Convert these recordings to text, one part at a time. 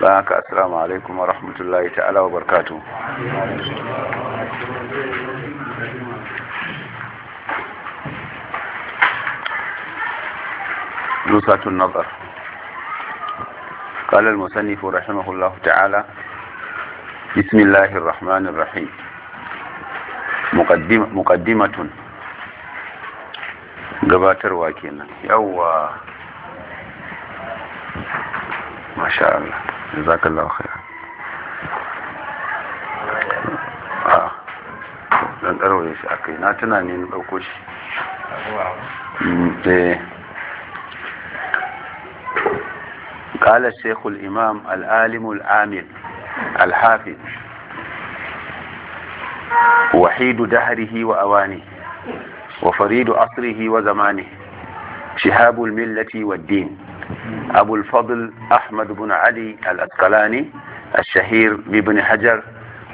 فهك السلام عليكم ورحمة الله تعالى وبركاته نصة النظر قال المسنف رحمه الله تعالى بسم الله الرحمن الرحيم مقدمة, مقدمة قباتر واكينا يوه ما شاء الله جزاك الله خيرا dan ɗarwaye shi a kai na tuna ne shi قال الشيخ الإمام العالم العامل الحافظ وحيد دهره وأوانه وفريد عصره وزمانه شهاب الملة والدين أبو الفضل أحمد بن علي الأسقلاني الشهير بابن حجر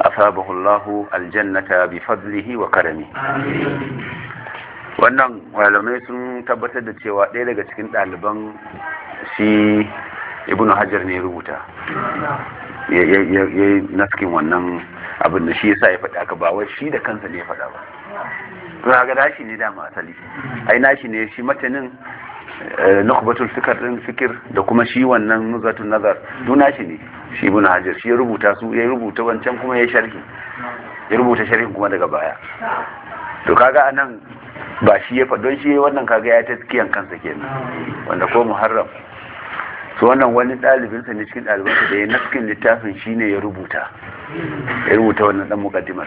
أثابه الله الجنة بفضله وكرمه wannan malamai sun tabbatar da cewa ɗaya daga cikin ɗaliban shi ibn hajar ne rubuta ya yi naskin wannan abin da shi ya sa ya faɗi aka ba wai shi da kansa ne ya faɗa ba to ga nashi ne dama asali ai shi ne shi matanin Eh, nukbatul fikar din fikir da kuma shi wannan nuzatun nazar duna shi ne shi ibn hajar shi ya rubuta su ya rubuta wancan kuma ya sharhi ya rubuta sharhin kuma daga baya to kaga anan ba shi ya don shi wannan kaga ya taskiyan kansa kenan wanda ko muharram to wannan wani ɗalibinsa ne cikin ɗalibansa da ya naskin littafin shine ya rubuta ya rubuta wannan dan mukaddimar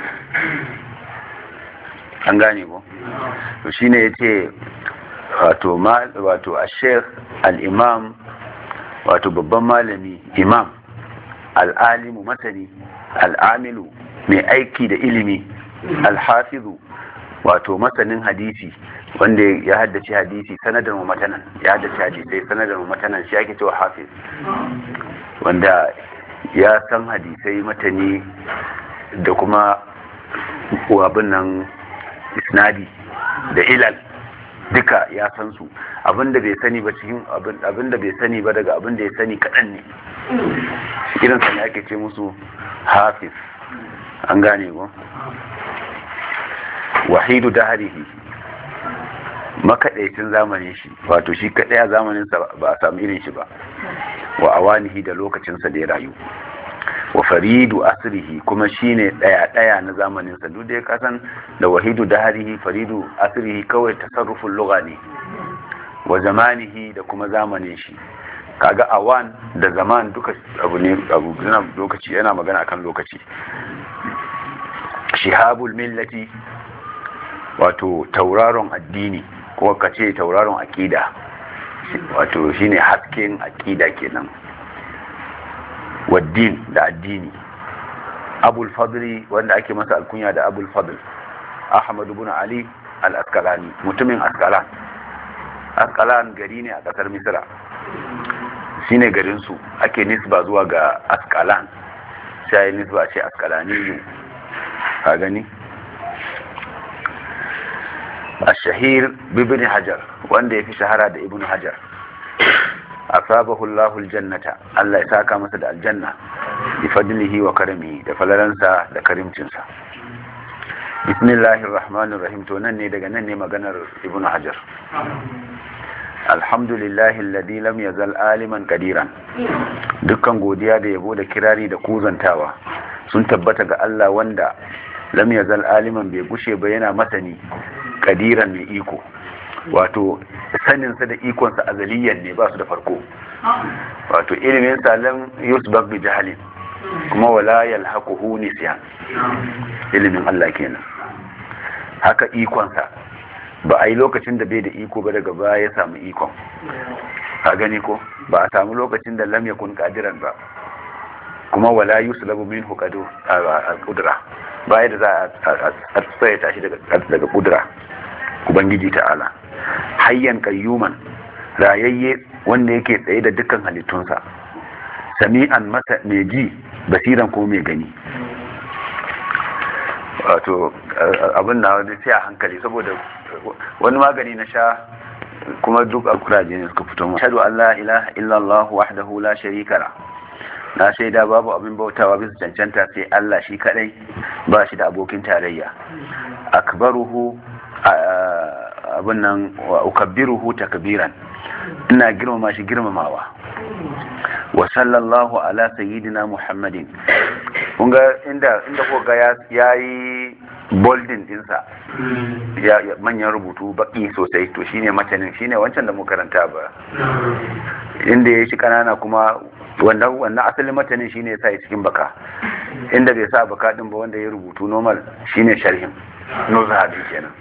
an gane ko to shine yace wato ma wato al-sheikh imam wato babban malami imam al'alimu masani al'amilu mai aiki da ilimi alhafizu wato masanin hadisi wanda ya haddace hadisi sanadar matanan ya haddace hadisai sanadar matanan shi ake cewa hafiz wanda ya san hadisai matani da kuma wabin nan isnadi da ilal duka ya san su abinda bai sani ba cikin abinda bai sani ba daga abinda ya sani kaɗan ne irin sani ake ce musu hafiz an gane ba wahidu daharihi makaɗaicin zamanin shi wato shi kaɗai a zamaninsa ba a samu irin shi ba wa awanihi da lokacinsa da ya rayu wa faridu asrihi kuma shine daya daya na zamanin sa duk da kasan da wahidu daharihi faridu asrihi kawai tasarrufin lugha ne wa zamanihi da kuma zamanin shi kaga awan da zaman duka abu ne abu lokaci yana magana akan lokaci shihabul millati wato tauraron addini ko kace tauraron akida wato shine hasken akida kenan waddin da addini abul fadli wanda ake masa alkunya da abul fadl Ahmadu ibn ali al-asqalani mutumin askalan. asqalan gari ne a kasar misra shine garin su ake nisba zuwa ga asqalan sai nisba ce asqalani ne ka gani Hajar, wanda ya fi shahara da ابن Hajar. asabahu Allahu aljannata Allah ya saka masa da aljanna bi fadlihi wa karami da falalansa da karimcinsa bismillahir rahmanir rahim to nan ne daga nan ne maganar Ibn hajar alhamdulillahi alladhi lam yazal aliman qadiran dukkan godiya da yabo da kirari da kuzantawa sun tabbata ga Allah wanda lam yazal aliman bai gushe ba yana masani qadiran mai iko wato saninsa da ikonsa a azaliyan ne ba su da farko wato ilimin salam yusbak bi jahalin kuma wala yalhaquhu nisyan ilimin Allah kenan haka ikonsa ba a yi lokacin da bai da iko ba daga baya ya samu ikon ka gani ko ba a samu lokacin da lam yakun qadiran ba kuma wala yuslabu minhu qadu qudra Ba da za a tsaye tashi daga kudura ubangiji ta'ala hayyan kayyuman rayayye wanda yake tsaye da dukkan halittunsa sami'an masa mai ji basiran ko mai gani wato abin na wani sai a hankali saboda wani magani na sha kuma duk akura ne suka fito mu shadu Allah ilaha illallah wahdahu la sharika la na shaida babu abin bautawa bisa cancanta sai Allah shi kadai ba shi da abokin tarayya akbaruhu abin nan wa ukabbiruhu takbiran ina girmama shi girmamawa wa sallallahu ala sayyidina muhammadin kun ga inda inda ko ga yayi boldin dinsa ya manyan rubutu baki sosai to shine matanin shine wancan da mu karanta ba inda yayi shi kanana kuma wannan wannan asalin matanin shine ya sa ya cikin baka inda bai sa baka din ba wanda ya rubutu normal shine sharhin no zahabi kenan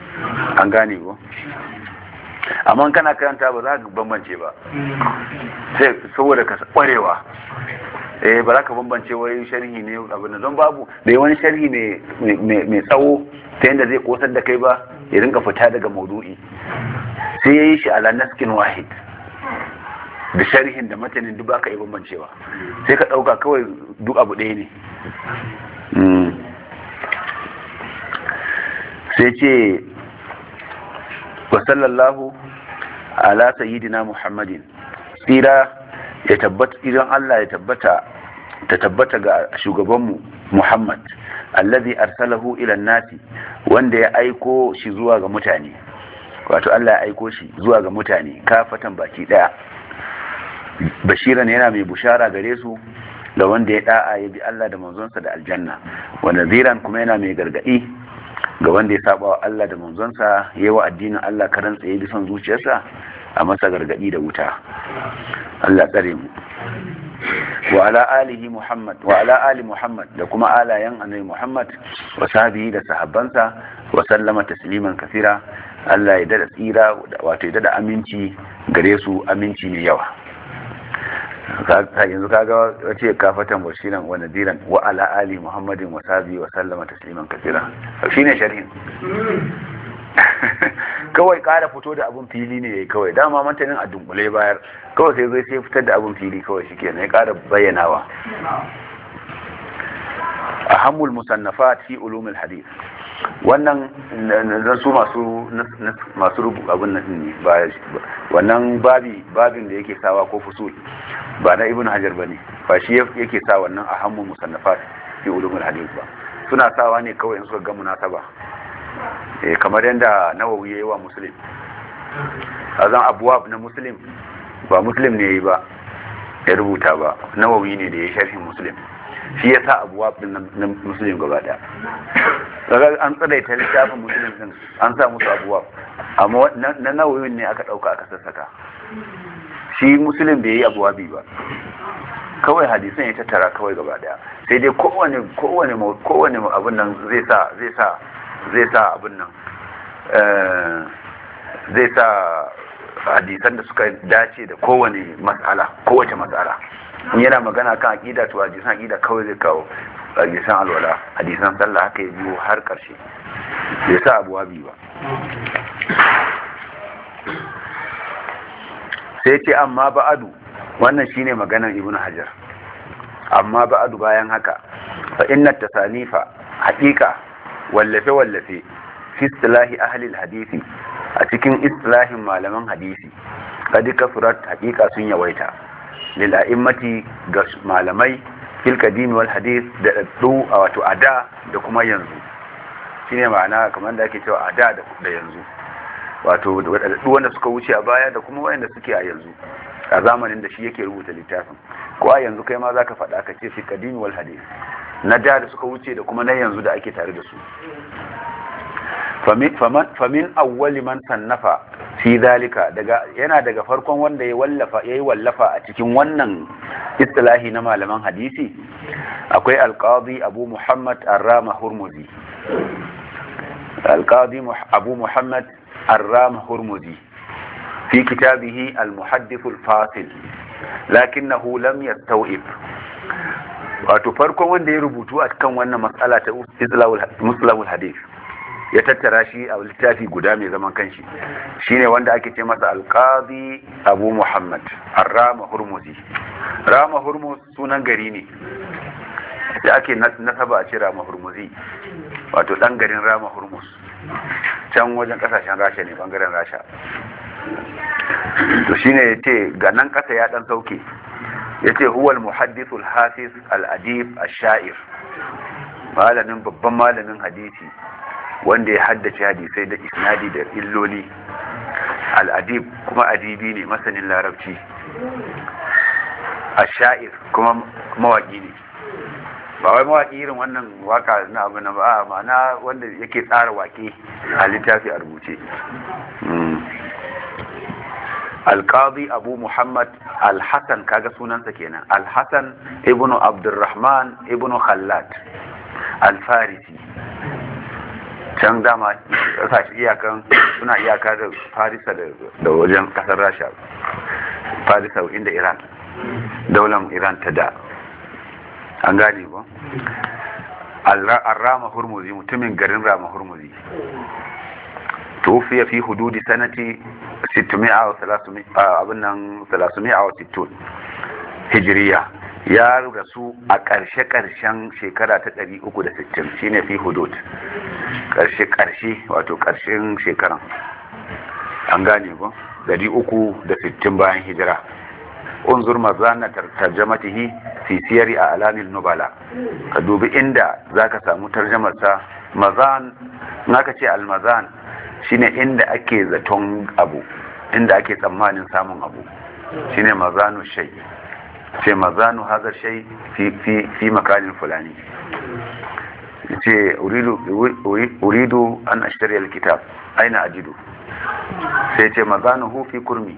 an gane ko amma kana karanta ba za ka bambance ba sai saboda ka kwarewa eh ba za ka bambance wai sharhi ne abu na don babu bai wani sharhi mai tsawo ta yadda zai kosar da kai ba ya rinka fita daga maudu'i sai ya yi shi ala naskin wahid da sharihin da matanin duk baka yi bambancewa sai ka ɗauka kawai duk abu ɗaya ne hmm. sai ce wa sallallahu ala sayyidina muhammadin tsira ya tabbata idan Allah ya tabbata ta tabbata ga shugabanmu muhammad allazi arsalahu ila nasi wanda ya aiko shi zuwa ga mutane wato Allah ya aiko shi zuwa ga mutane kafatan baki daya bashiran yana mai bushara gare su da wanda ya da'a ya bi Allah da manzonsa da aljanna wa naziran kuma yana mai gargadi ga wanda ya saba wa Allah da manzonsa ya wa addinin Allah karan tsaye bi son zuciyarsa a masa gargadi da wuta Allah tsare mu wa ala alihi muhammad wa ala ali muhammad da kuma alayan annabi muhammad wa sahbihi da sahabbansa wa sallama tasliman kasira Allah ya dada tsira wato ya dada aminci gare su aminci mai yawa yanzu kaga wace kafatan bashiran wa nadiran wa ala ali muhammadin wa sabi wa sallama tasliman kasira ne sharhin kawai kara fito da abun fili ne yayi kawai dama mantanin a dunkule bayar kawai sai zai sai fitar da abun fili kawai shikenan ya kara bayyanawa ahammul musannafat fi ulumul hadith wannan na su masu rubu abin nan ne ba wannan babin da yake sawa ko fusul ba na ibn hajar ne, ba shi yake sa wannan a hannun musannafat fi ulumul hadith ba suna sawa ne kawai in suka ga munasaba ba. Eh, kamar nawa nawawi yi wa muslim azan abwab na muslim ba muslim ne yi ba ya rubuta ba nawawi ne da ya sharhin muslim shi ya sa abuwa na musulun gaba daya daga an ta littafin musulun din an sa musu abuwa amma na nawoyin ne aka ɗauka aka sassaka shi musulun bai yi abuwa bi ba kawai hadisan ya tattara kawai gaba daya sai dai kowane kowane kowane abin nan zai sa zai sa zai sa abin nan eh, zai sa hadisan da suka dace da kowane mas'ala kowace mas'ala in yana magana kan aqida to a jisan aqida kawai zai kawo a jisan alwala hadisan sallah haka ya biyo har karshe bai sa abuwa biyu ba sai ce amma ba'adu wannan shine maganar ibnu hajar amma ba'adu bayan haka fa inna tasanifa haqiqa wallafe wallafe fi istilahi ahli hadisi a cikin istilahin malaman hadisi kadi kasurat haqiqa sun yawaita lil'a'immati ga malamai fil qadim wal hadith da ɗaɗɗu a wato ada da kuma yanzu shine ma'ana kamar da ake cewa a da da yanzu wato da ɗaɗɗu wanda suka wuce a baya da kuma wanda suke a yanzu a zamanin da shi yake rubuta littafin ko a yanzu kai ma za ka faɗa ka ce fil qadim wal hadith na da da suka wuce da kuma na yanzu da ake tare da su famin awwali man sannafa fi zalika daga yana daga farkon wanda ya wallafa yayi wallafa a cikin wannan istilahi na malaman hadisi akwai alqadi abu muhammad arrama hurmuzi alqadi abu muhammad arrama hurmuzi fi kitabihi almuhaddith alfasil lakinnahu lam wato farkon wanda ya rubutu a kan wannan matsala ta muslamul hadith ya tattara shi a littafi guda mai zaman kanshi shine wanda ake ce masa alqazi abu muhammad a rama hurmuzi rama hurmuz sunan gari ne da ake nasaba a ce rama hurmuzi wato ɗan garin rama hurmuz can wajen kasashen rasha ne bangaren rasha to shine ya ce ga nan ƙasa ya ɗan sauke ya ce huwal muhaddithul hafiz al-adib al-sha'ir malamin babban malamin hadisi wanda ya haddace hadisai da isnadi da illoli al'adib kuma adibi ne masanin larabci sha'ir kuma mawaki ne ba wai mawaki irin wannan waka na abu na ba ma'ana wanda yake tsara wake a littafi a rubuce hmm. alkazi abu muhammad alhassan kaga sunansa kenan alhassan ibnu abdurrahman ibnu khallad alfarisi can dama kasashe iyakan suna iyaka da farisa da wajen kasar rasha farisa inda iran daular iran ta da an gane ba an rama hurmuzi mutumin garin rama hurmuzi tufiya fi hududi sanati 600 abin nan 360 hijiriya ya rasu a ƙarshe-ƙarshen shekara ta 360 shine fi hudud ƙarshe-ƙarshe wato ƙarshen shekaran an gane da 360 bayan hijira unzur mazana tarjamatihi fi siyari a alamil nubala ka dubi inda zaka samu tarjamarsa mazan naka ce almazan shine inda ake zaton abu inda ake tsammanin samun abu shine mazanu shai ce zanu hazar shai fi makalin fulani ce uridu an ashtari alkitab aina ajidu sai ce ma zanu hufi kurmi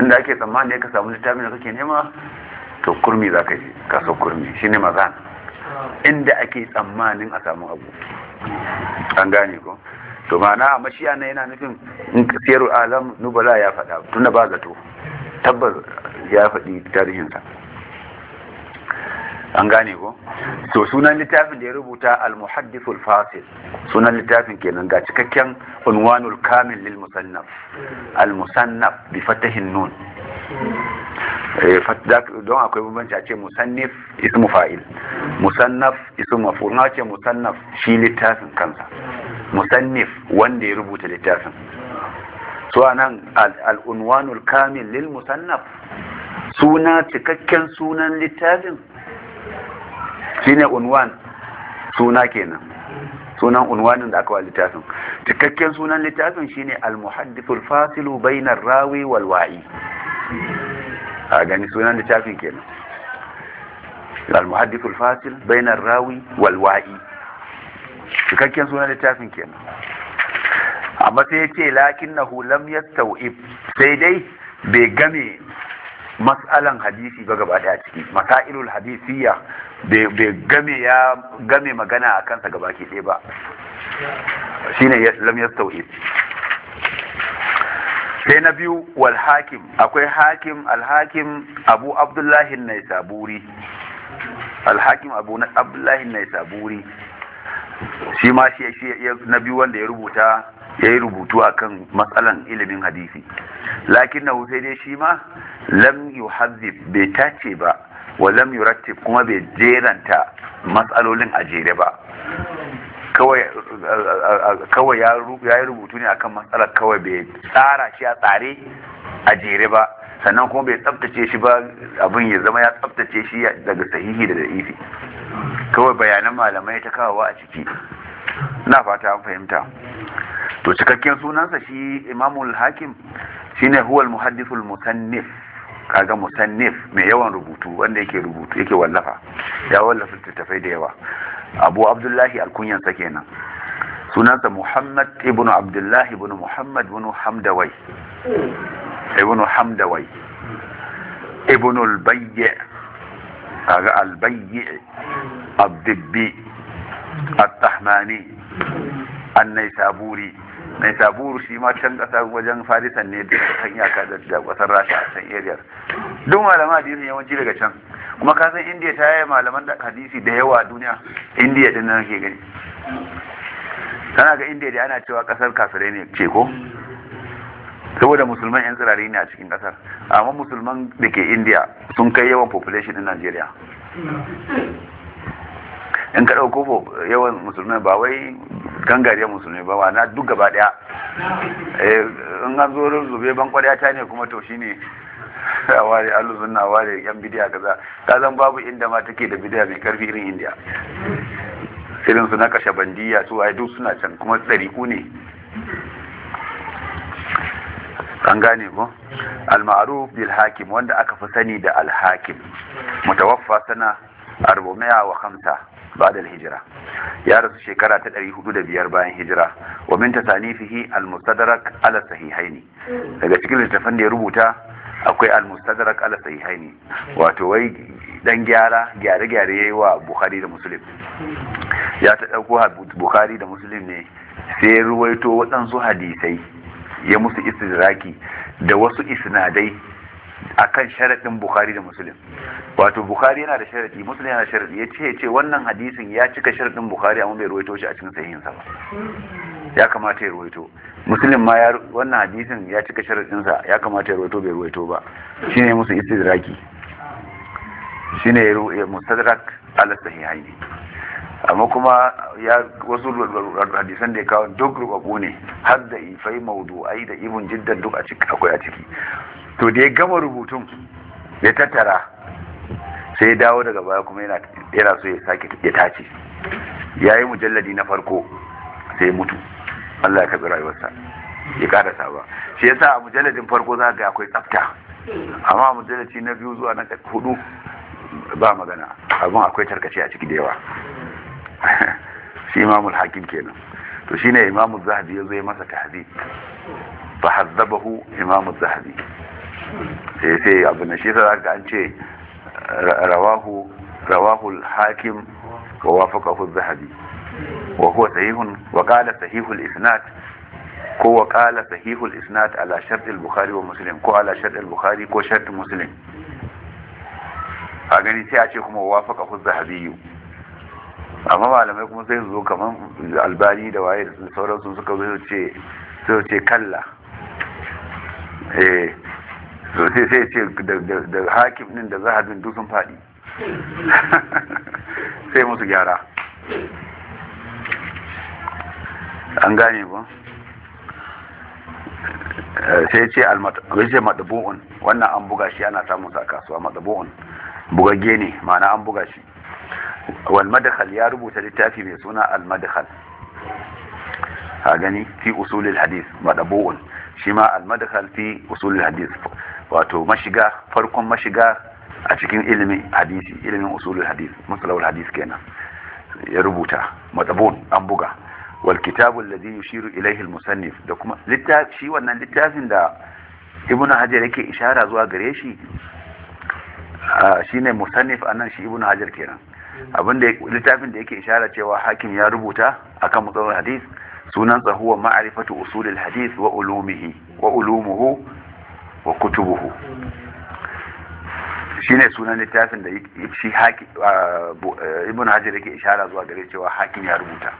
inda ake tsammani ka samu littafin da kake nema to kurmi za ka yi kaso kurmi shi ma mazan inda ake tsammanin a samu abu an gane ko to ma'ana mashiya na yana nufin in siyar alam nubala ya faɗa tunda ba zato Tabbar ya faɗi tarihinsa an gane ko to sunan littafin da ya rubuta al-muhaddithul fasil sunan littafin kenan ga cikakken unwanul kamil lil musannaf al-musannaf bi fatahin nun eh, don akwai bambanci a ce musannif ismu fa'il musannaf ismu maf'ul na ce musannaf shi littafin kansa musannif wanda ya rubuta littafin to nan al'unwanul kamil lil musannaf suna cikakken sunan littafin shine unwan suna kenan sunan unwanin da aka wa littafin cikakken sunan littafin shine al-muhaddithul fasilu bainar rawi wal wa'i a gani sunan littafin kenan al-muhaddithul fasil bainar rawi wal wa'i cikakken sunan littafin kenan amma sai ya ce lakin na hulam ya tau'ib sai dai bai game mas'alan hadisi ba gaba daya ciki masailul hadisiyya bai game ya game magana a kansa gaba ke ɗaya ba shine lam ya tau'ib sai na biyu wal hakim akwai hakim alhakim abu abdullahi naisaburi alhakim abu abdullahi naisaburi shi ma shi na biyu wanda ya rubuta ya yi rubutu a kan matsalan ilimin hadisi lakin na sai dai shi ma lam yuhazzib bai tace ba wa lam rattib kuma bai jeranta matsalolin a jere ba kawai ya yi rubutu ne akan matsalar kawai bai tsara shi a tsare a jere ba sannan kuma bai tsabtace shi ba abin ya zama ya tsabtace shi daga sahihi da da'ifi kawai bayanan malamai ta kawawa a ciki na fata an fahimta to cikakken sunansa shi imamul hakim shine huwal muhaddithul mutannif kaga mutannif mai yawan rubutu wanda yake rubutu yake wallafa ya wallafa littattafai da yawa abu abdullahi sa kenan sunansa muhammad ibnu abdullahi ibnu muhammad ibnu hamdawai ibnu hamdawai ibnu albayy kaga albayy abdibbi at-tahmani mai taburu shi ma can kasa wajen farisan ne da kan iyaka da kasar rasha a can area duk malama hadisi yawanci daga can kuma ka san indiya ta yi malaman da hadisi da yawa a duniya indiya din nan ke gani kana ga indiya da ana cewa kasar kafirai ne ce ko saboda musulman yan tsirari ne a cikin kasar amma musulman da ke indiya sun kai yawan population din najeriya in ka ɗauko yawan musulman ba wai gangare musulmi ba na duk gaba daya eh, in an zo zube ban kwarya ta ne kuma to shine a ware aluzun na ware yan bidiya kaza ta zan babu inda ma take da bidiya mai karfi irin indiya irin su na kashe bandiya su ai duk suna can kuma tsariku ne an gane ko al-ma'ruf bil hakim wanda aka fi sani da al-hakim mutawaffa sana 400 wa 5 بعد الهجرة يا رسول شكرا تدري حدود بيار باين هجرة ومن تصانيفه المستدرك على الصحيحين daga cikin littafin da ya rubuta akwai al-mustadrak ala sahihaini wato wai dan gyara gyare gyare yayi wa Bukhari da Muslim ya ta dauko Buhari da Muslim ne sai ruwaito waɗansu hadisai ya musu istidraki da wasu isnadai akan sharadin bukhari da muslim wato bukhari yana da sharadi muslim yana da sharadi yace yace wannan hadisin ya cika sharadin bukhari amma bai ruwaito shi a cikin sahihin sa ba ya kamata ya ruwaito muslim ma wannan hadisin ya cika sharadin sa ya kamata ya ruwaito bai ruwaito ba shine musu istidraki shine ya mustadrak ala sahihain amma kuma ya wasu hadisan da ya kawo duk rubabu ne har da ifai maudu'ai da ibn jiddan duk a ciki akwai a ciki to da ya gama rubutun ya tattara sai ya dawo daga baya kuma yana so ya sake ya tace ya yi mujalladi na farko sai mutu Allah ya kabi rayuwarsa ya ƙara ba shi yasa a mujalladin farko za ga akwai tsafta amma a mujalladi na biyu zuwa na hudu ba magana abin akwai tarkace a ciki da yawa shi imamul hakim kenan to shine imamul zahabi ya zo ya masa tahzib fa hazzabahu imamul zahabi sai sai abu na shi sara ga an ce rawahu rawahu al-hakim wa wafaqahu az-zahabi wa huwa sahihun wa qala sahihu al-isnad ko wa qala sahihu al-isnad ala shart al-bukhari wa muslim ko ala shart al-bukhari ko shart muslim a gani sai a ce kuma wa wafaqahu az-zahabi amma malamai kuma sai zo kaman albani da waye da sauransu suka zo ce sai ce kalla eh so sai sai ce da hakim din da a bin dukkan faɗi sai musu gyara an gane ba eh, sai ce almatabin madabu'un wannan an buga shi ana samun sa kasuwa madabu'un bugagge ne ma'ana an buga shi wal madkhal ya rubuta littafi mai suna almadakhal madkhal a gani fi usulil hadis madabu'un shi ma almadakhal fi usulil hadis wato mashiga farkon mashiga a cikin ilimin hadisi ilimin usulul hadis musalawul hadis kenan ya rubuta matsabon an buga wal kitabul ladhi yushiru ilayhi al musannif da kuma littafi shi wannan littafin da ibnu hajar yake ishara zuwa gare shi shine musannif anan shi ibnu hajar kenan abinda littafin da yake ishara cewa hakim ya rubuta akan musalawul hadis sunan huwa ma'rifatu usulul hadis wa ulumihi wa ulumuhu wa kutubuhu shine sunan littafin da shi e, ibn hajar yake ishara zuwa gare cewa hakim ya rubuta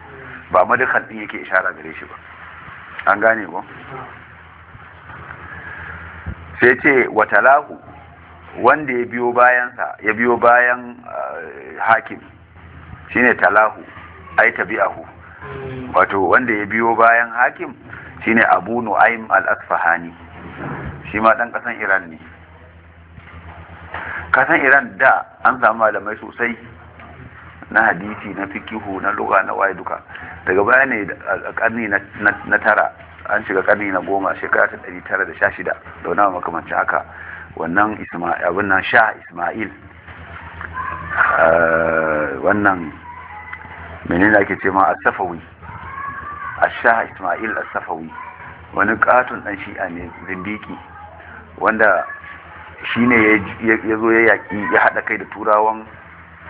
ba madakal din yake ishara gare shi ba an gane ba? sai ce watalahu wanda ya biyo bayansa ya biyo bayan hakim shine talahu ai tabi'ahu wato wanda ya biyo bayan hakim shine abu nu'aim al-asfahani shi ma ɗan ƙasan iran ne kasan iran da an samu malamai sosai na hadisi na fikihu na lugha na waye duka daga baya ne a karni na tara an shiga karni na goma shekara ta ɗari tara da sha shida da wani makamanci haka wannan abin nan sha ismail eh, wannan menene ake ce ma asafawi a sha ismail asafawi wani katon ɗan shi'a ne zindiki wanda shi ne ya zo ya yaƙi ya haɗa kai da turawan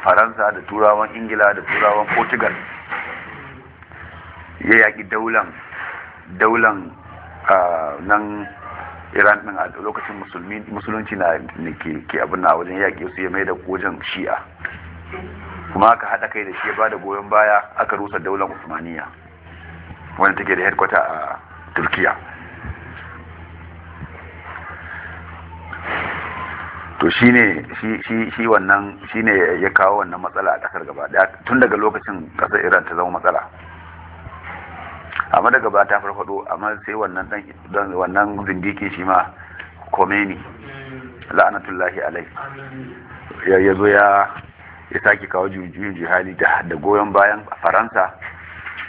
faransa da turawan ingila da turawan portugal ya yaƙi daulan daulan nan iran ɗin a lokacin musulunci na ke abin na wajen yaƙi su ya mai da wajen shi'a kuma aka haɗa kai da shi ya ba da goyon baya aka rusa daular usmaniya wanda take da headquarter a Turkiyya. to shine shi shi shi wannan shine ya kawo wannan matsala a kasar gaba tun daga lokacin kasar Iran ta zama matsala amma daga ba ta farfado amma sai wannan dan wannan zindiki shi ma komeni la'anatullahi alaihi ya yazo ya ya sake kawo juyin jihadi da goyon bayan Faransa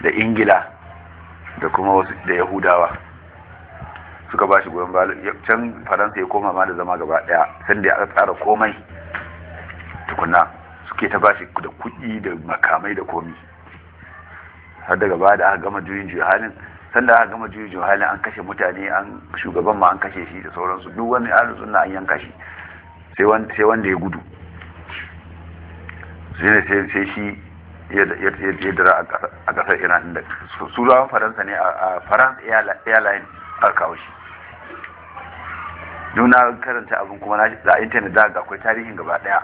da Ingila da kuma wasu da Yahudawa suka ba shi goyon baya can faransa ya koma ma da zama gaba daya sanda ya tsara komai tukuna suke ta ba shi da kuɗi da makamai da komi har daga baya da aka gama juyin juhalin sanda aka gama juyin juhalin an kashe mutane an shugaban ma an kashe shi da sauransu duk wani ahlus suna an yanka shi sai wanda ya gudu sai shi ya dira a ƙasar iran da su faransa ne a faransa airline aka kawo shi nuna karanta abin kuma na a intanet da ga akwai tarihin gaba daya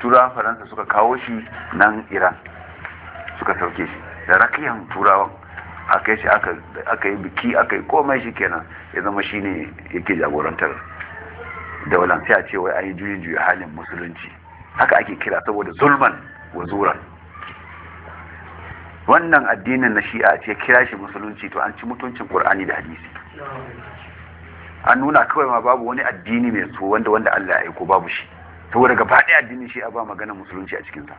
turawan faransa suka kawo shi nan iran suka sauke shi da rakiyan turawan aka shi aka yi biki aka yi komai shi kenan ya zama shi ne yake jagorantar da sai a ce wai an yi juyin juya halin musulunci haka ake kira saboda zulman wa zuran wannan addinin na shi'a ce kira shi musulunci to an ci mutuncin qur'ani da hadisi an nuna kawai ma babu wani addini mai so wanda wanda Allah ya aiko babu shi saboda gaba ɗaya addinin shi a ba magana musulunci a cikinsa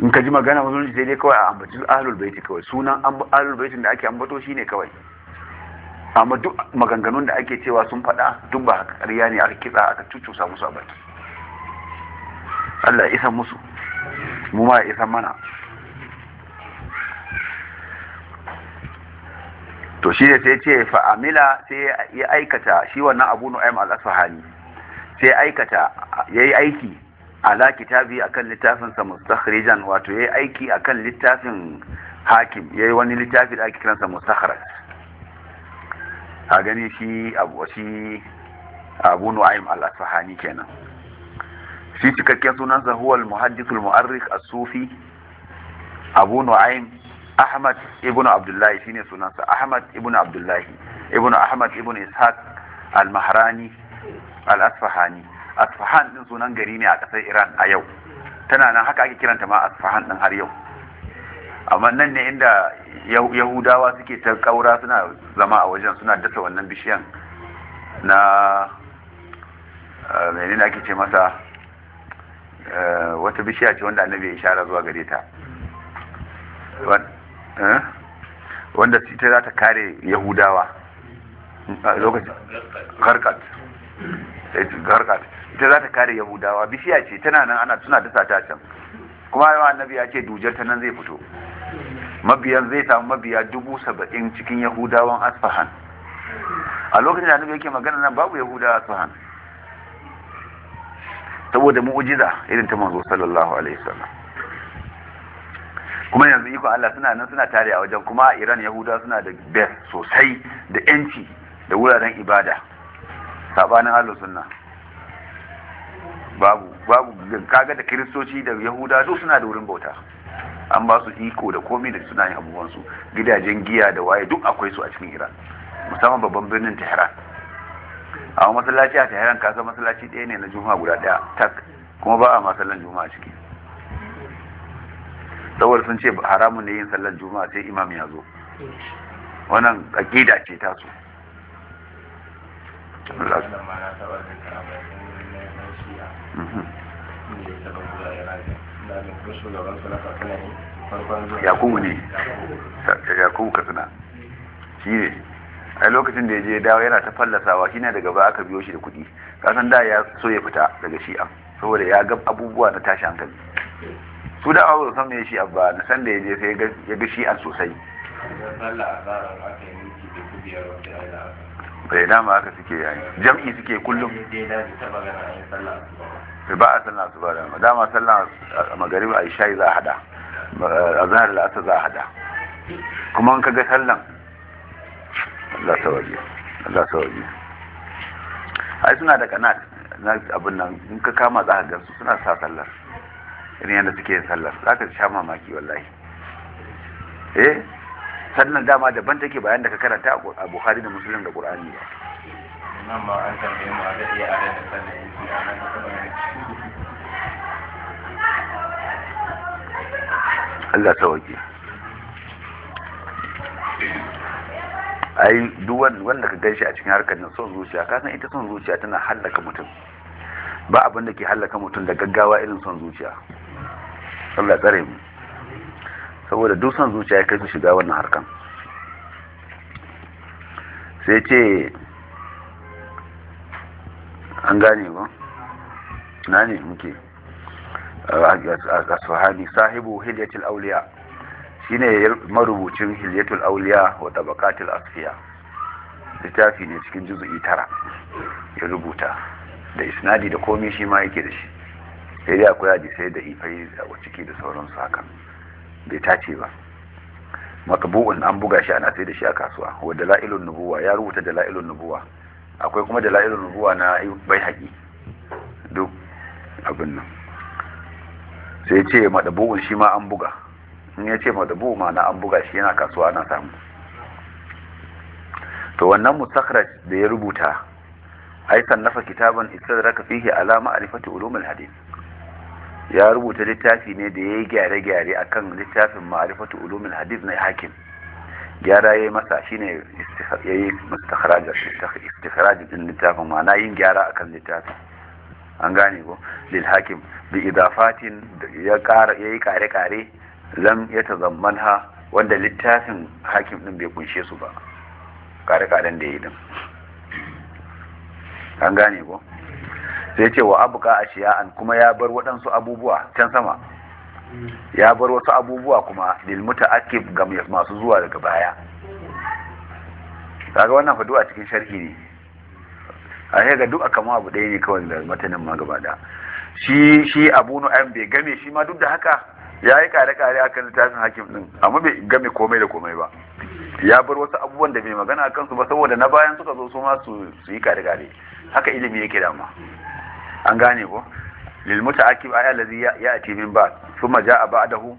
in ka ji magana musulunci sai dai kawai a ambaci ahlul baiti kawai sunan ahlul baitin da ake ambato ne kawai amma duk maganganun da ake cewa sun faɗa duk ba ƙarya ne aka kitsa aka cucusa musu a baki Allah ya isa musu mu ma ya isa mana to shi ne sai ce fa'amila sai ya aikata shi wannan abu nu'aym al-asfahani sai aikata yayi aiki ala kitabi akan littafin sa mustakhrijan wato yayi aiki akan littafin hakim yayi wani littafi da ake kiransa mustakhraj a gani shi abu shi abu nu'aym al-asfahani kenan shi cikakken sunansa huwa al-muhaddith al-mu'arrikh as-sufi abu nu'aym Ahmad ibn Abdullahi shine sunansa Ahmad ibn Abdullahi ibn Ahmad ibn Ishaq al-Mahrani al-Asfahani Asfahan din sunan gari ne a ƙasar Iran a yau tana nan haka ake kiranta ma Asfahan din har yau amma nan ne inda Yahudawa suke ta kaura suna zama a wajen suna dasa wannan bishiyan na eh, menene ake ce masa eh, wata bishiya ce wanda annabi ya isharar zuwa gare ta Eh? wanda ita za ta kare yahudawa lokacin eh, garkat ita za ta kare yahudawa bishiya ce tana nan ana suna dasa ta can kuma yawa annabi ya ce dujar ta nan zai fito mabiyan zai samu mabiya dubu saba'in cikin yahudawan asfahan a lokacin da annabi yake magana nan babu yahudawa asfahan saboda mu'ujiza irin ta manzo sallallahu alaihi wasallam kuma yanzu iko Allah suna nan suna tare a wajen kuma Iran Yahuda suna da best sosai da yanci da wuraren ibada sabanin Allah sunna babu babu kaga da kiristoci da Yahuda duk suna da wurin bauta an ba su iko da komai da suna yin abubuwan su gidajen giya da waye duk akwai su a cikin Iran musamman babban birnin Tehran a masallaci a Tehran kasa masallaci ɗaya ne na juma'a guda ɗaya tak kuma ba a masallan juma'a ciki saboda sun ce haramun ne yin sallar juma'a sai imam ya zo wannan aqida ce ta su mm-hmm. yakubu ne yakubu katsina shi ne a lokacin da ya je dawa yana ta fallasawa shi ne daga ba aka biyo shi da kuɗi kasan da ya so ya fita daga shi'a saboda ya ga abubuwa na tashi hankali su da abu san me shi abba na san da yaje sai ya ga shi an sosai bai eh, ma aka suke yayi jam'i suke kullum ba a sallah su ba dama dama sallah a magarib a isha'i za a hada a zahar la'asa za a hada kuma an kaga sallan Allah sawaje Allah sawaje ai suna da kanat na abin nan in ka kama za a gansu suna sa sallar irin yadda suke yin sallar za ka sha mamaki wallahi eh sannan dama daban take bayan da ka karanta a Buhari da musulun da ƙur'ani. ba nan ba an Allah sauki ai duk wanda ka ganshi a cikin harkar nan son zuciya ka san ita son zuciya tana hallaka mutum ba abin da ke hallaka mutum da gaggawa irin son zuciya Allah tsare mu saboda duk san zuciya kai su shiga wannan harkan sai ce an gane ba na ne muke a asfahani sahibu hilyatul auliya shine marubucin hilyatul auliya wa tabakatul asfiya littafi ne cikin juzu'i tara ya rubuta da isnadi da komi shi ma yake da shi sai dai akwai sai da ifai a ciki da sauransu haka bai tace ba makabu'un an buga shi ana sai da shi a kasuwa wa dalailun nubuwa ya rubuta dalailun nubuwa akwai kuma dalailun nubuwa na bai haƙi duk abin nan sai ce madabu'un shi ma an buga in ya ce madabu ma na an buga shi yana kasuwa ana samu to wannan musakrat da ya rubuta ai sannafa kitaban istadraka fihi alama ma'rifati ulumul hadith ya rubuta littafi ne da ya yi gyare-gyare a kan littafin ma'arifatu ulumin hadith na hakim gyara ya yi masa shi ne ya yi istifirajin littafin ma'ana yin gyara a kan littafi. an gane ko lil hakim bi idafatin ya yi kare-kare lam ya tazamman ha wanda littafin hakim din bai kunshe su ba kare-karen da ya yi din an gane ko sai ce wa abuka a shiya'an kuma ya bar waɗansu abubuwa can sama ya bar wasu abubuwa kuma lil ake ga masu zuwa daga baya kaga wannan fadu a cikin sharhi ne a ga duk kama abu ɗaya ne kawai da matanin ma gaba da shi shi Abu ayan bai game shi ma duk da haka ya yi kare kare akan littafin hakim din amma bai game komai da komai ba ya bar wasu abubuwan da bai magana akan su ba saboda na bayan suka zo su ma su yi kare kare haka ilimi yake dama an gane ko lil mutaakib ay allazi ya'ti min ba thumma ja'a ba'dahu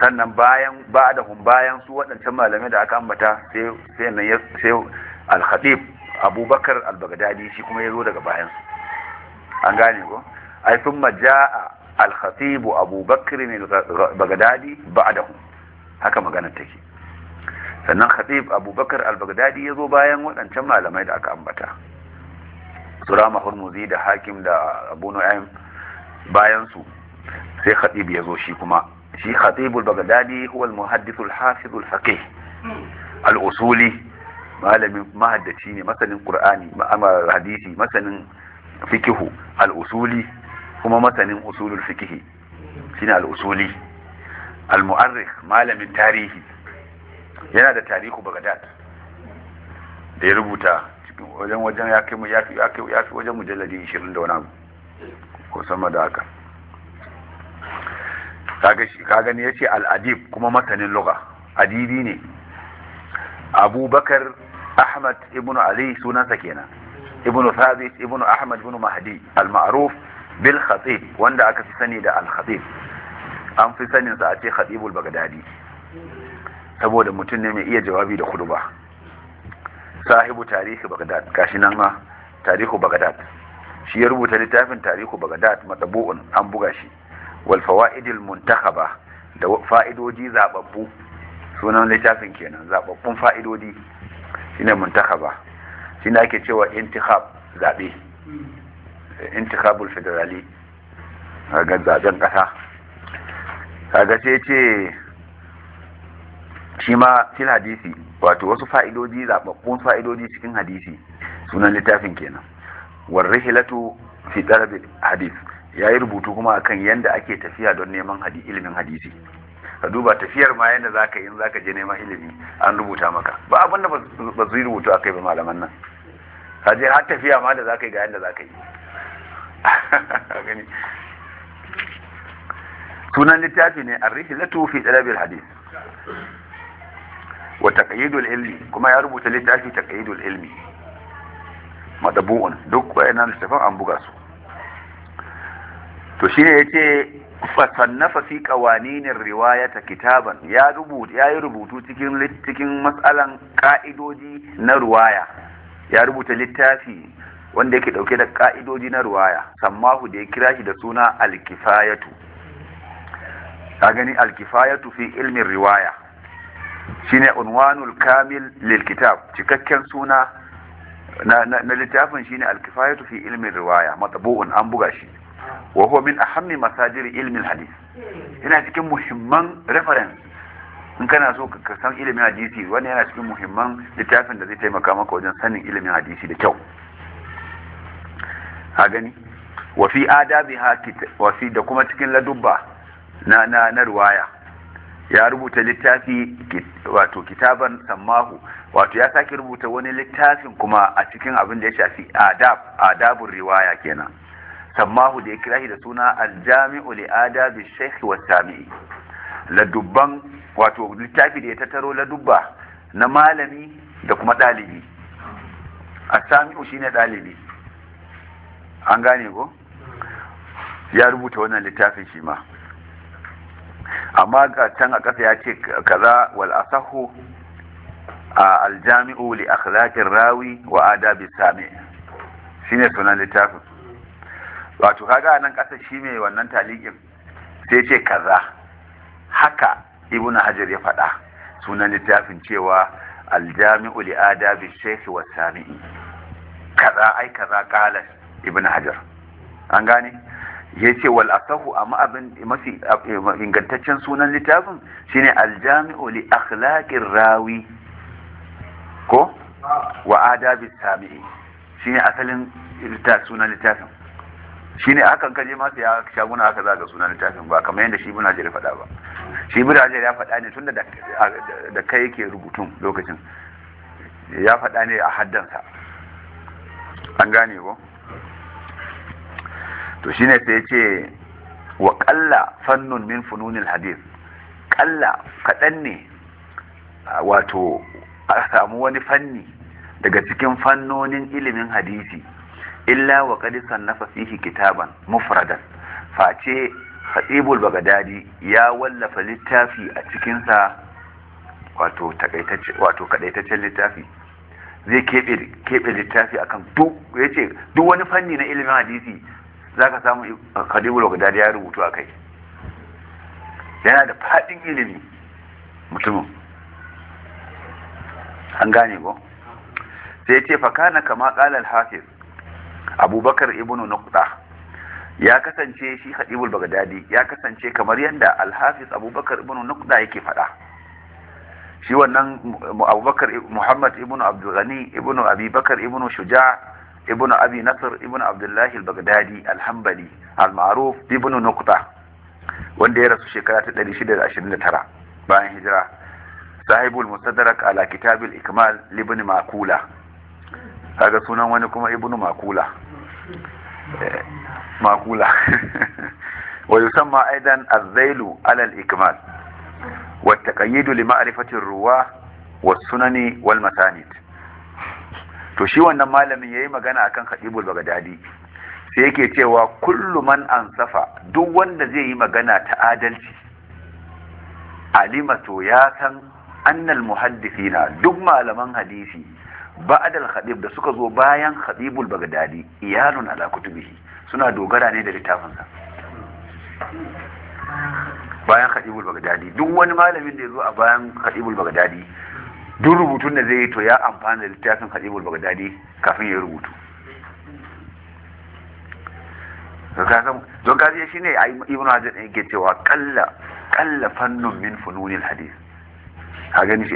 sannan bayan ba'dahum bayan su waɗancan malamai da aka ambata sai sai nan sai al-khatib abubakar al-baghdadi shi kuma yazo daga bayan su an gane ko ay thumma ja'a al-khatib abubakar al-baghdadi ba'dahum haka magana take sannan khatib abubakar al-baghdadi yazo bayan waɗancan malamai da aka ambata turama hurmuzi da hakim da abu nu'aym bayan su sai khatib ya zo shi kuma shi khatib al huwa al-muhaddith al-hafiz al-faqih al-usuli malamin mahaddaci ne masanin qur'ani ma'amar hadisi masanin fikihu al-usuli kuma masanin usulul fikihi shine al-usuli al-mu'arrikh malamin tarihi yana da tarihu baghdad da ya rubuta wajen wajen ya kai ya fi ya fi wajen mujalladi 20 da wani abu ko sama da haka shi yace al-adib kuma masanin lugha adibi ne abubakar ahmad ibnu ali sunansa kenan ibnu thabit ibnu ahmad ibnu mahdi al-ma'ruf bil khatib wanda aka fi sani da al-khatib an fi saninsa a ce khatibul bagdadi saboda mutum ne mai iya jawabi da khutba sahibu tarihi bagdad gashi nan ma tarihu bagdad shi ya rubuta littafin tarihu bagdad matabu'un an buga shi wal fawaidil muntakhaba da fa'idoji zababbu sunan littafin kenan zababbun fa'idodi shine muntakhaba shine ake cewa intikhab zabe intikhabul federali ga zaben kasa kaga ce ce shi ma fil hadisi wato wasu fa'idoji zababbun fa'idoji cikin hadisi sunan littafin kenan warrihilatu fi talabil hadis yayi rubutu kuma akan yanda ake tafiya don neman ilimin hadisi ka duba tafiyar ma yadda zaka yi in zaka je neman ilimi an rubuta maka ba abin da ba su yi rubutu akai ba malaman nan ka je har tafiya ma da zaka yi ga yadda zaka yi sunan littafi ne arrihilatu fi talabil hadis wa taqyidul ilmi kuma ya rubuta littafi taqyidul ilmi madabu'un duk wayannan littafan an buga su to shine yace fa sannafa fi qawaninir riwayata kitaban ya rubuta yayi rubutu cikin cikin mas'alan ka'idoji na riwaya ya rubuta littafi wanda yake dauke da ka'idoji na riwaya sammahu da ya kira shi da suna al-kifayatu ka gani al fi ilmin riwaya shine unwanul kamil lil kitab cikakken suna na, littafin shine al-kifayatu fi ilmi riwaya matbu'un an buga shi wa huwa min ahammi masajir ilmi al-hadith yana cikin muhimman reference in kana so ka san ilimin hadisi wani yana cikin muhimman littafin da zai taimaka maka wajen sanin ilimin hadisi da kyau a gani wa fi adabiha wa fi da kuma cikin ladubba na na, na riwaya ya rubuta littafi wato kitaban sammahu wato ya sake rubuta wani littafin kuma a cikin abin da ya shafi adab adabun riwaya kenan sammahu da ya kira shi da suna aljami'u li adabi shaykh wa sami'i ladubban wato littafi da ya tattaro ladubba na malami da kuma dalibi asami'u shine dalibi an gane ko ya rubuta wannan littafin shi ma amma ga can a ƙasa ya ce kaza wal asahu a aljami'u li akhlaqir rawi wa adabi sami shine sunan littafin wato kaga nan kasa shi mai wannan talikin sai ce kaza haka ibnu hajar ya faɗa sunan littafin cewa aljami'u li adabi shaykh wa sami kaza ai kaza qala ibnu hajar an gane ya ce wal asahu amma abin mafi ingantaccen sunan littafin shine aljami'u li akhlaqir rawi ko wa adabi sami'i shine asalin sunan littafin shine hakan kaje ma sai shaguna aka zaga sunan littafin ba kamar yadda shi ibn Hajar ya faɗa ba shi ibn Hajar ya faɗa ne tunda da kai yake rubutun lokacin ya faɗa ne a haddansa an gane ko to shine sai ya ce wa ƙalla fannun min fununin hadis, ƙalla kaɗan ne wato a samu wani fanni daga cikin fannonin ilimin hadisi illa wa qad na fasihi kitaban mufradan face khatibul bagadadi ya wallafa littafi a cikinsa wato takaitacce wato littafi zai keɓe littafi akan duk yace duk wani fanni na ilimin hadisi za ka samu khadibul bagdadi ya rubutu a kai yana da faɗin ilimi mutumin an gane ko sai ce fakana kama ƙalar hafiz abubakar ibnu nuqta ya kasance shi Hadibul bagdadi ya kasance kamar yadda alhafiz abubakar ibnu nuqta yake faɗa shi wannan abubakar muhammad ibnu abdulghani ibnu abubakar ibnu shuja ابن ابي نصر ابن عبد الله البغدادي الحنبلي المعروف ابن نقطه وان دي رسو شكرا تدري شدر باين هجرة صاحب المصدرك على كتاب الاكمال لابن معقولة هذا سنة وانكم ابن معقولة آه، معقولة ويسمى ايضا الذيل على الاكمال والتقييد لمعرفة الرواه والسنن والمسانيد to shi wannan malamin yayi magana akan khadibul Baghdadi sai yake cewa kullu man ansafa duk wanda zai yi magana ta adalci alimato ya san annal muhaddithina duk malaman hadisi ba'ad al da suka zo bayan khadibul bagdadi iyalun ala kutubihi suna dogara ne da littafinsa bayan khadibul duk wani malamin da ya zo a bayan khadibul duk rubutun da zai yi to ya amfana da littafin hadibul bagdadi kafin ya rubutu don kaji shi ne a ibn hajar ɗin yake cewa kalla kalla fannun min fununil hadis ka gani shi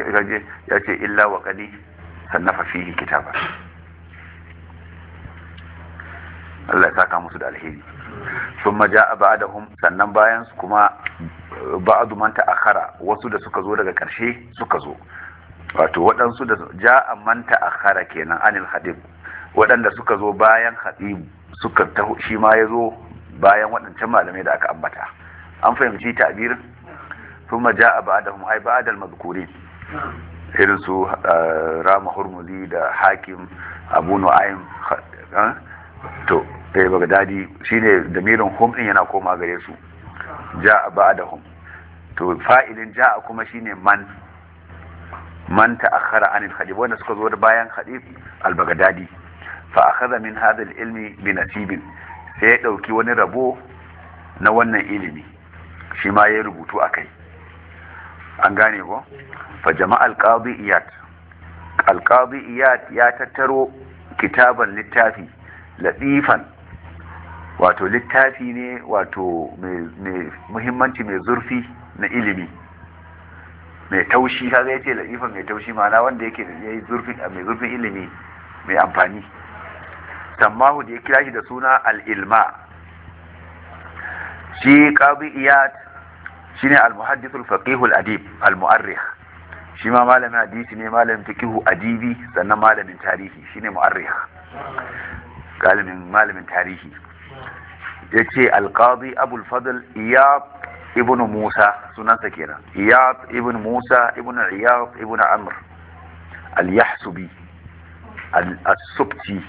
ya ce illa wa kadi sannafa fihi kitaba Allah ya saka musu da alheri sun maja a ba'adahum sannan bayan kuma ba'adu man akhara wasu da suka zo daga karshe suka zo wato waɗansu da ja a manta a kara kenan anil hadib waɗanda suka zo bayan hadib suka ta shi ma ya zo bayan waɗancan malamai da aka ambata an fahimci ta'birin thumma ja'a da Ai ba'da al irin su eh, rama hurmuzi da hakim abu nu'aym eh? to sai eh, bagdadi shine damirin hum din yana koma gare su ja'a ba'dahum to fa'ilin ja'a kuma shine man man ta'akhkhara anil hadith wanda suka zo da bayan hadith al-baghdadi fa akhadha min hadha al-ilmi bi nasibin sai ya dauki wani rabo na wannan ilimi shi ma ya rubutu akai an gane ko fa jama'al qadi al-qadi ya tattaro kitaban littafi latifan wato littafi ne wato mai muhimmanci mai zurfi na ilimi mai taushi kaga yace latifan mai taushi ma'ana wanda yake yayi zurfin mai zurfin ilimi mai amfani sammahu da ya kira shi da suna al-ilma shi qadi iyad shine al al al-adib al-mu'arrikh shi ma malamin hadisi ne malamin fiqhu adibi sannan malamin tarihi shine mu'arrikh galimin malamin tarihi yace al-qadi abul fadl iyad ابن موسى سنان سكيرة عياط ابن موسى ابن عياض ابن عمر اليحسبي السبتي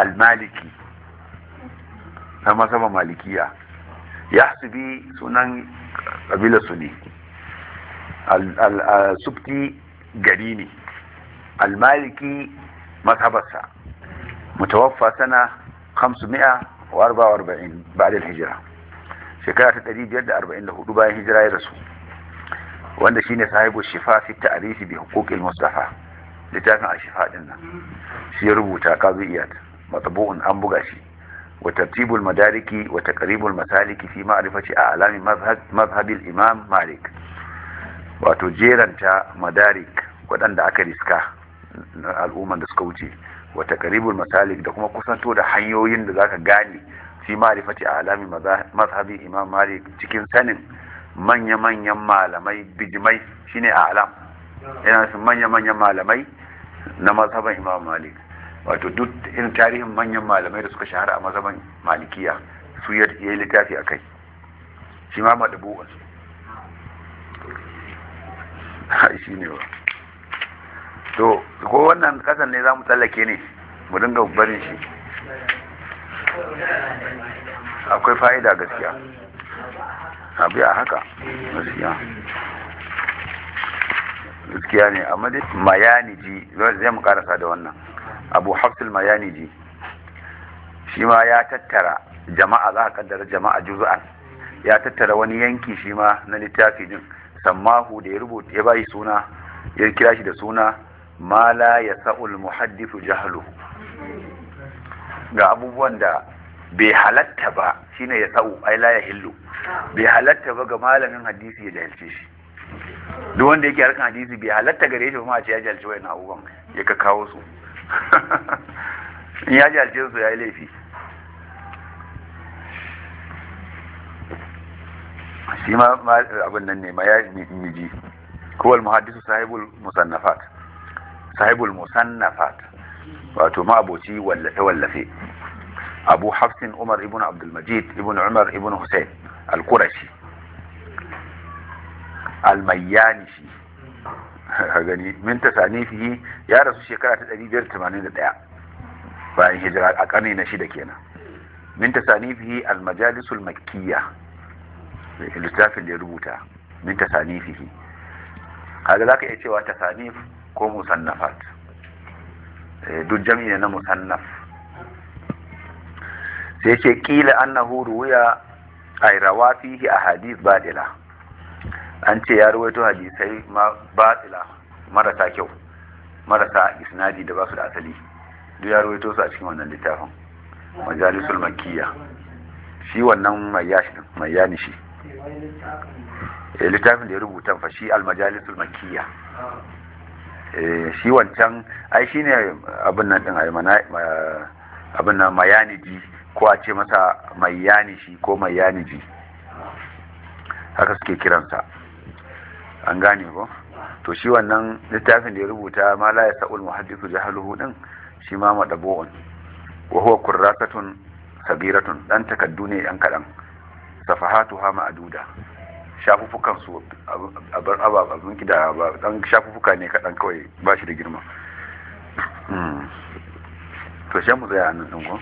المالكي فما سمى مالكية يحسبي سنن قبيلة سني السبتي قريني المالكي مكبسة متوفى سنة 544 بعد الهجرة shekara ta ɗari biyar da 544 bayan hijira ya rasu wanda shine sahibu shifa fi ta'rifi bi hukukil mustafa littafin a ashifa din nan shi ya rubuta qadiyat matbu'un an buga shi wa tartibul madariki wa taqribul masaliki fi ma'rifati a'lami mazhabil imam malik wato jeranta madarik waɗanda aka riska al'umman da suka wuce wata karibul masalik da kuma kusanto da hanyoyin da za ka gane fi ma'rifati alami mazhabi imam malik cikin sanin manya-manyan malamai bijimai shine alam yana su manya-manyan malamai na mazhaban imam malik wato duk irin tarihin manyan malamai da suka shahara a mazhaban malikiya su ya yi littafi a kai shi ma maɗabu wasu shi ne ba to ko wannan kasan ne za mu tsallake ne mu dinga barin shi akwai fa'ida gaskiya abu a haka gaskiya gaskiya ne amma dai mayaniji zai mu karasa da wannan abu hafsul mayaniji shi ma ya tattara jama'a za a kaddara jama'a juzu'an ya tattara wani yanki shi ma na littafi din sammahu da ya rubuta ya bayi suna ya kira shi da suna ma la yasa'ul muhaddifu jahalu. ga abubuwan da bai halatta ba shine ya sau, ai la ya hillo bai halatta ba ga malamin hadisi ya jahilce shi duk wanda yake harkan hadisi bai halatta gare shi ba ma ce ya jahilce wayan abubuwan ya ka kawo su in ya jahilce su ya yi laifi shi ma abin nan ne ma ya miji kowal muhaddisu sahibul musannafat sahibul musannafat وقت ما أبو تي تولى ولفي أبو حفص عمر ابن عبد المجيد ابن عمر ابن حسين القرشي الميانشي هذاني من تسانيفه فيه يا رسول شكرا تدري بير تمانين دعاء فإن هجر أقاني من تسانيفه المجالس المكية الاستاف اللي ربوتا من تسانيفه هذا لك إيش هو تصانيف كومو صنفات Eh, duk jami'a na musannaf sai ce kila annahu ruwiya ay rawa fihi ahadith badila an ce ya ruwaito hadisai ma batila marasa kyau marasa isnadi da ba su da asali duk ya ruwaito su a cikin wannan littafin majalisul makkiya shi wannan mai yani shi eh, littafin da ya rubuta fa shi al majalisul makkiya Eh, shi wancan ai shine abin nan din abin nan mayaniji ko a ce masa shi ko ji, haka suke kiransa an gane ko to shi wannan littafin da ya rubuta ma la yasa'ul muhaddithu jahaluhu din shi ma madabu'un wa huwa kurrasatun sabiratun dan takaddu ne yan kadan safahatuha ma'duda shafufukan su a bar ababin da ba dan shafufuka ne kaɗan kawai ba shi da girma hmm. to sai mu tsaya nan ɗin